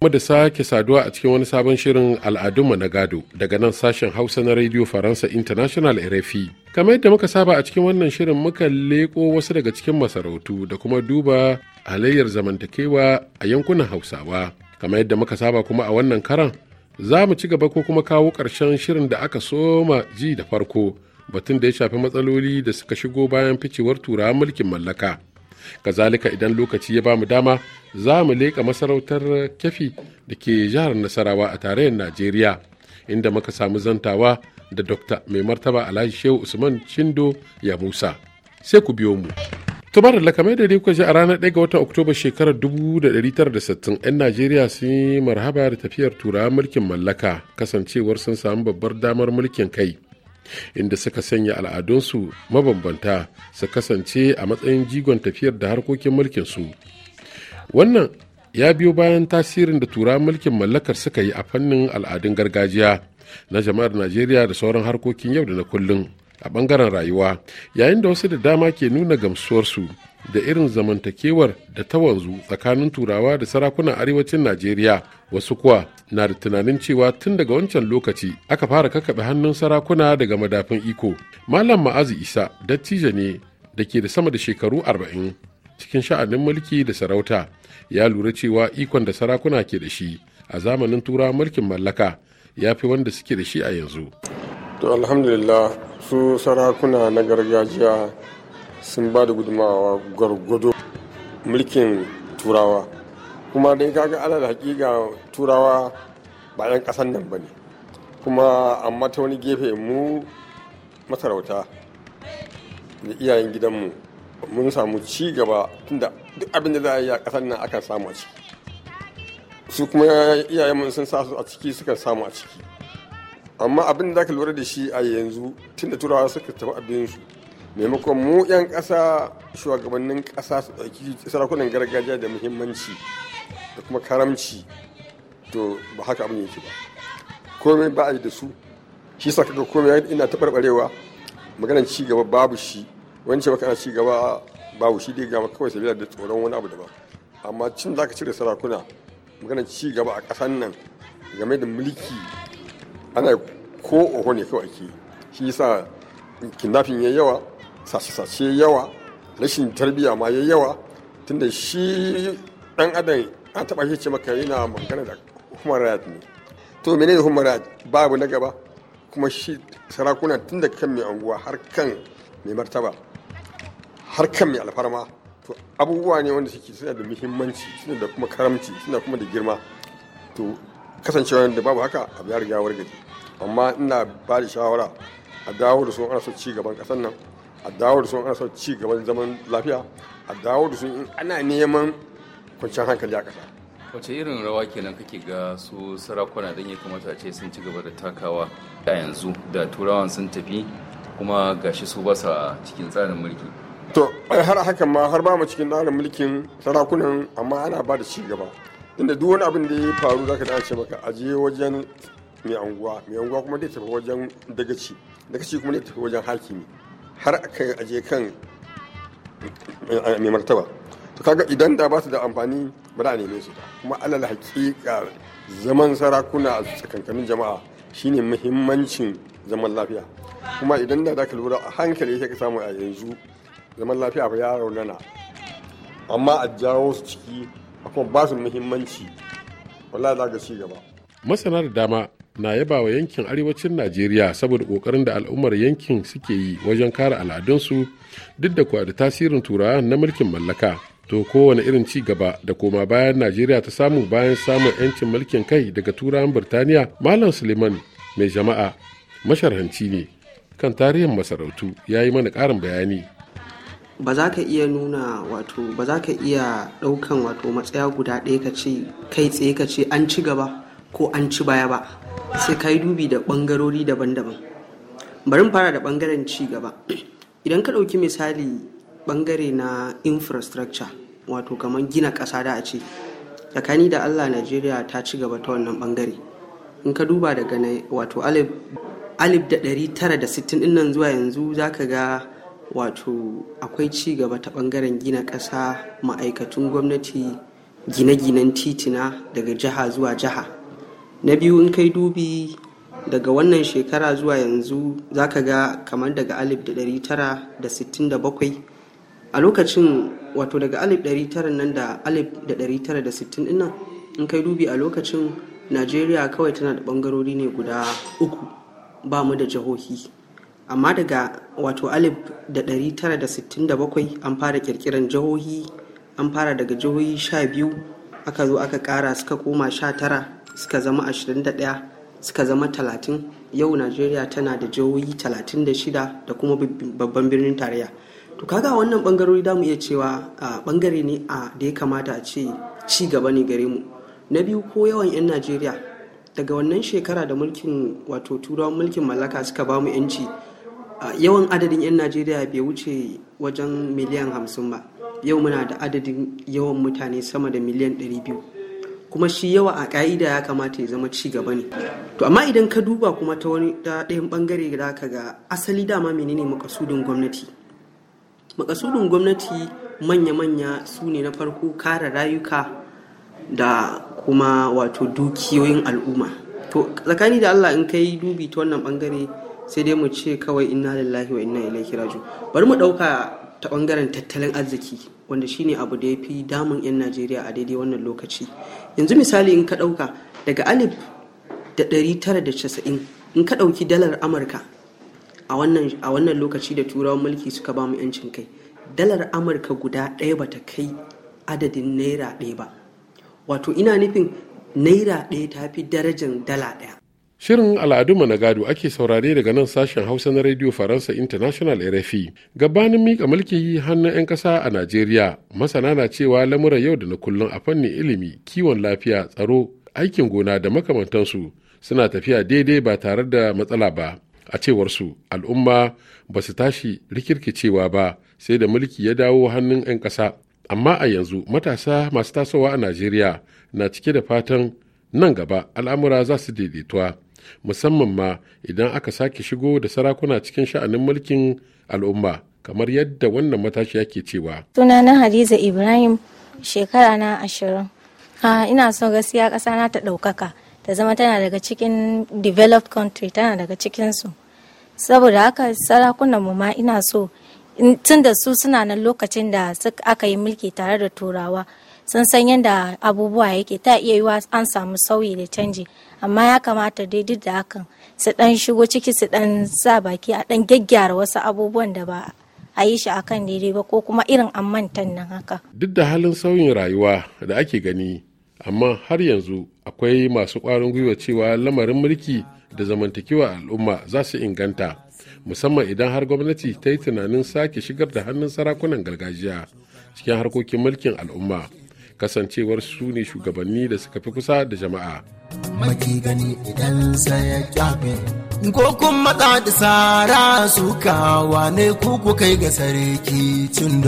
kuma da sake saduwa a cikin wani sabon shirin al'adunmu na gado daga nan sashen hausa na radio faransa international rfi kamar yadda muka saba a cikin wannan shirin muka leko wasu daga cikin masarautu da kuma duba halayyar zamantakewa a yankunan hausawa kamar yadda muka saba kuma a wannan karan za mu ci gaba ko kuma kawo ƙarshen shirin da aka soma ji da farko batun da ya shafi matsaloli da suka shigo bayan ficewar turawan mulkin mallaka kazalika idan lokaci ya bamu dama za mu leƙa masarautar kyafi da ke jihar nasarawa a tarayyar najeriya inda muka samu zantawa da Dr mai martaba alhaji shehu usman shindo ya musa sai ku biyo mu tumar da lakamai da dai a ranar 1 ga watan oktoba shekarar 1960 'yan najeriya sun yi marhaba da tafiyar turawa mulkin mallaka kasancewar sun samu babbar damar mulkin kai inda suka sanya al'adunsu mabambanta su kasance a matsayin jigon tafiyar da harkokin mulkin su. wannan ya biyo bayan tasirin da tura mulkin mallakar suka yi a fannin al'adun gargajiya na jama'ar najeriya da sauran harkokin yau da na kullun a bangaren rayuwa yayin da wasu da dama ke nuna gamsuwarsu da irin zamantakewar da ta wanzu tsakanin turawa da sarakunan arewacin najeriya wasu kuwa na da tunanin cewa tun daga wancan lokaci aka fara kakaɓe hannun sarakuna daga madafin iko malam ma'azi isa dattijo ne da ke da sama da shekaru arba'in cikin sha'anin mulki da sarauta ya lura cewa ikon da sarakuna ke da shi a zamanin turawa mulkin mallaka ya fi wanda suke da shi a yanzu to alhamdulillah su sarakuna na gargajiya sun ba da gudunmawa gwargwado mulkin turawa kuma dai kaga ana da hakika turawa ba 'yan kasan nan ba ne kuma amma ta wani gefe mu masarauta da iyayen gidanmu mun samu ci gaba tunda duk abin da za a yi a ƙasar nan akan samu a ciki su kuma iyayenmu sun sa su a ciki suka samu a ciki amma abin da za ka lura da shi a yanzu tunda turawa suka tafi abin su. maimakon mu 'yan ƙasa shugabannin ƙasa su ɗauki sarakunan gargajiya da muhimmanci da kuma karamci to ba haka abin yake ba komai ba a yi da su shi sa kaga komai ina taɓarɓarewa maganar ci gaba babu shi wani ce makana ci gaba babu shi dai gama kawai sabila da tsoron wani abu daban amma cin za ka cire sarakuna maganar ci gaba a ƙasan nan game da mulki ana ko oho ne kawai ke shi kin kidnapping yawa sace yawa rashin tarbiyya ma ya yawa tunda shi dan adam an taba shi ce maka yana magana da human right ne to menene human right babu na gaba kuma shi sarakuna tun da kan mai anguwa har kan mai martaba har kan mai alfarma to abubuwa ne wanda suke suna da muhimmanci suna da kuma karamci suna kuma da girma to kasancewa da babu haka abu ya riga gaji amma ina ba da shawara a dawo da su ana so ci gaban kasar nan a dawo da su ana son ci gaban zaman lafiya a dawo da su in ana neman kwanciyar hankali a ƙasa wace irin rawa kenan kake ga su sarakuna don ya kamata ce sun ci gaba da takawa a yanzu da turawan sun tafi kuma gashi su ba sa cikin tsarin mulki to har haka ma har ba mu cikin tsarin mulkin sarakunan amma ana ba da ci gaba inda duk wani abin da ya faru zaka da ce maka aje wajen mai anguwa mai anguwa kuma zai tafi wajen dagaci dagaci kuma zai tafi wajen hakimi har aka aje kan mai martaba to kaga idan da ba su da amfani ba a neme su kuma alal hakika zaman sarakuna a tsakankanin jama'a shine muhimmancin zaman lafiya kuma idan da ka lura a hankali yake ka samu a yanzu zaman lafiya ba ya raunana amma a jawo su ciki a kuma ba su muhimmanci wallahi za ci gaba masana da dama na yaba wa yankin arewacin najeriya saboda kokarin da al'ummar yankin suke yi wajen kare al'adunsu duk da kuwa da tasirin turawa na mulkin mallaka to kowane irin ci gaba da koma bayan najeriya ta samu bayan samun 'yancin mulkin kai daga turawan birtaniya malam suleiman mai jama'a masharhanci ne kan tarihin masarautu ya yi mana karin bayani ba za ka iya nuna wato ba za ka iya ɗaukan wato matsaya guda ɗaya ka ce kai tsaye ka ce an ci gaba ko an ci baya ba sai ka yi dubi da ɓangarori daban-daban bari fara da ɓangaren ci gaba idan ka ɗauki misali ɓangare na infrastructure wato kamar gina ƙasa da a ce tsakani da allah najeriya ta ci gaba ta wannan ɓangare in ka duba daga wato alif da ɗari tara da sittin ɗin zuwa yanzu za ka ga wato akwai ci gaba ta ɓangaren gina ƙasa ma'aikatun gwamnati gine-ginen titina daga jiha zuwa jiha na biyu in kai dubi daga wannan shekara zuwa yanzu za ka ga kamar daga 1967 a lokacin wato daga 1900 nan da 1960 ina in kai dubi a lokacin najeriya kawai tana da bangarori ne guda uku ba mu da jihohi amma daga wato 1967 an fara kirkiran jihohi an fara daga jihohi 12 aka zo aka kara suka koma 19 suka zama 21 suka zama 30 yau najeriya tana da jihohi 36 da kuma babban birnin tarayya to kaga wannan bangarori damu iya cewa bangare ne a da ya kamata a ce ci gaba ne gare mu na biyu ko yawan 'yan najeriya daga wannan shekara da mulkin wato turawan mulkin mallaka suka ba mu 'yanci yawan adadin 'yan najeriya bai wuce wajen miliyan hamsin ba yau muna da adadin yawan mutane sama da miliyan 200 kuma shi yawa a ka'ida ya kamata ya zama ci gaba ne to amma idan ka duba kuma ta wani ta ɗayan bangare da ka ga asali dama menene makasudin gwamnati makasudin gwamnati manya-manya su ne na farko kare rayuka da kuma wato dukiyoyin al'umma to tsakani da allah in ka yi dubi ta wannan ɓangare sai dai mu ce kawai inna lillahi wa inna ilaihi raju bari mu ɗauka ta bangaren tattalin arziki wanda shine abu da ya fi damun 'yan najeriya a daidai wannan lokaci yanzu misali in ka ɗauka daga alif da casa'in, in ka ɗauki dalar amurka a wannan lokaci da turawan mulki suka bamu 'yancin kai dalar amurka guda ɗaya ba ta kai adadin naira ɗaya ba wato ina nufin naira ɗaya ta fi darajar dala ɗaya Shirin al'adunmu na gado ake saurare daga nan sashen Hausa na rediyo Faransa International RFI. Gabanin mika mulki hannun 'yan ƙasa a Najeriya, masana na cewa lamuran yau da na kullun a fannin ilimi, kiwon lafiya, tsaro, aikin gona da makamantansu suna tafiya daidai ba tare da matsala ba. A cewar su, al'umma ba su tashi rikirkicewa ba sai da mulki ya dawo hannun 'yan ƙasa. Amma a yanzu matasa masu tasowa a Najeriya na cike da fatan nan gaba al'amura za su daidaituwa. musamman ma idan aka sake shigo da sarakuna cikin sha'anin mulkin al'umma kamar yadda wannan matashi yake cewa. suna na Hadiza Ibrahim shekara na ashirin. ha ina so gaskiya ƙasa na ta ɗaukaka ta zama tana daga cikin developed country tana daga cikin su Saboda haka sarakunan mu ma ina so tun da su suna nan lokacin da aka yi mulki tare da turawa. sun san yadda abubuwa yake ta iya yiwa an samu sauyi da canji amma ya kamata dai duk da hakan su dan shigo ciki su dan sa baki a dan gyaggyara wasu abubuwan da ba a yi shi akan daidai ba ko kuma irin ammantan nan haka duk da halin sauyin rayuwa da ake gani amma har yanzu akwai masu ƙwarin gwiwa cewa lamarin mulki da zamantakewa al'umma za su inganta musamman idan har gwamnati ta yi tunanin sake shigar da hannun sarakunan gargajiya cikin harkokin mulkin al'umma kasancewar su ne shugabanni da suka fi kusa da jama'a. Maki gani idan saya ya kyafe. Ko kun matsa da tsara su kawa ne ku kai ga sarki cin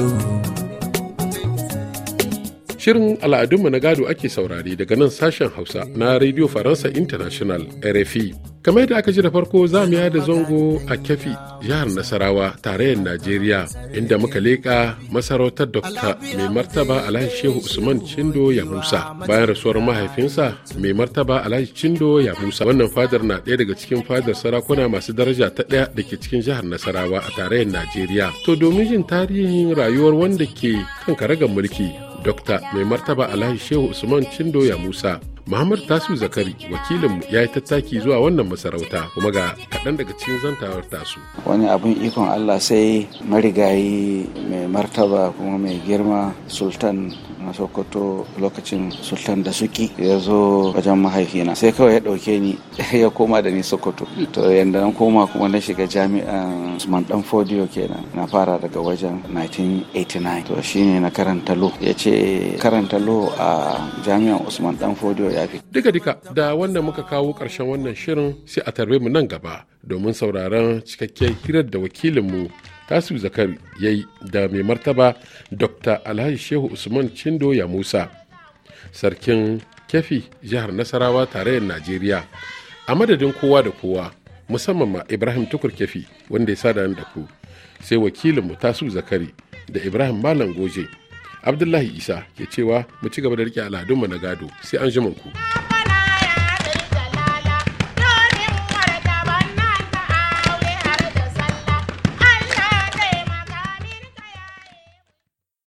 Shirin al'adunmu na gado ake saurari daga nan sashen Hausa na Radio Faransa International RFI. Kamar yadda aka ji da farko za mu da zango a Kefi, jihar Nasarawa, tarayyar Najeriya, inda muka leƙa masarautar Dokta mai martaba Alhaji Shehu Usman Chindo ya Musa. Bayan rasuwar mahaifinsa mai martaba Alhaji Chindo ya Musa. Wannan fadar na ɗaya daga cikin fadar sarakuna masu daraja ta ɗaya da ke cikin jihar Nasarawa a tarayyar Najeriya. To domin jin tarihin rayuwar wanda ke kan karagar mulki dr mai martaba Alhaji Shehu Usman ya Musa. Muhammad Tasu Zakari wakilinmu ya yi tattaki zuwa wannan masarauta kuma ga kaɗan daga cikin zantawar tasu. Wani abin ikon Allah sai marigayi mai martaba kuma mai girma Sultan na sokoto lokacin sultan da suki ya zo wajen mahaifina sai kawai ya ɗauke ni ya koma da ni sokoto to yadda na koma kuma na shiga jami'an usman dan fodiyo kenan na fara daga wajen 1989 to shine na karanta lo ya ce karanta lo a jami'an usman dan fodiyo ya fi duka duka da wannan muka kawo karshen wannan shirin sai a tarbe mu nan gaba domin sauraron cikakken hirar da wakilinmu tasu zakari ya yi da mai martaba dr alhaji shehu usman cindo ya musa sarkin kefi jihar nasarawa tarayyar najeriya a madadin kowa da kowa musamman ma ibrahim tukur kefi wanda ya sada da ku sai wakilinmu tasu zakari da ibrahim malam goje abdullahi isa ke cewa mu ci gaba da rike al'adunmu na gado sai an ku.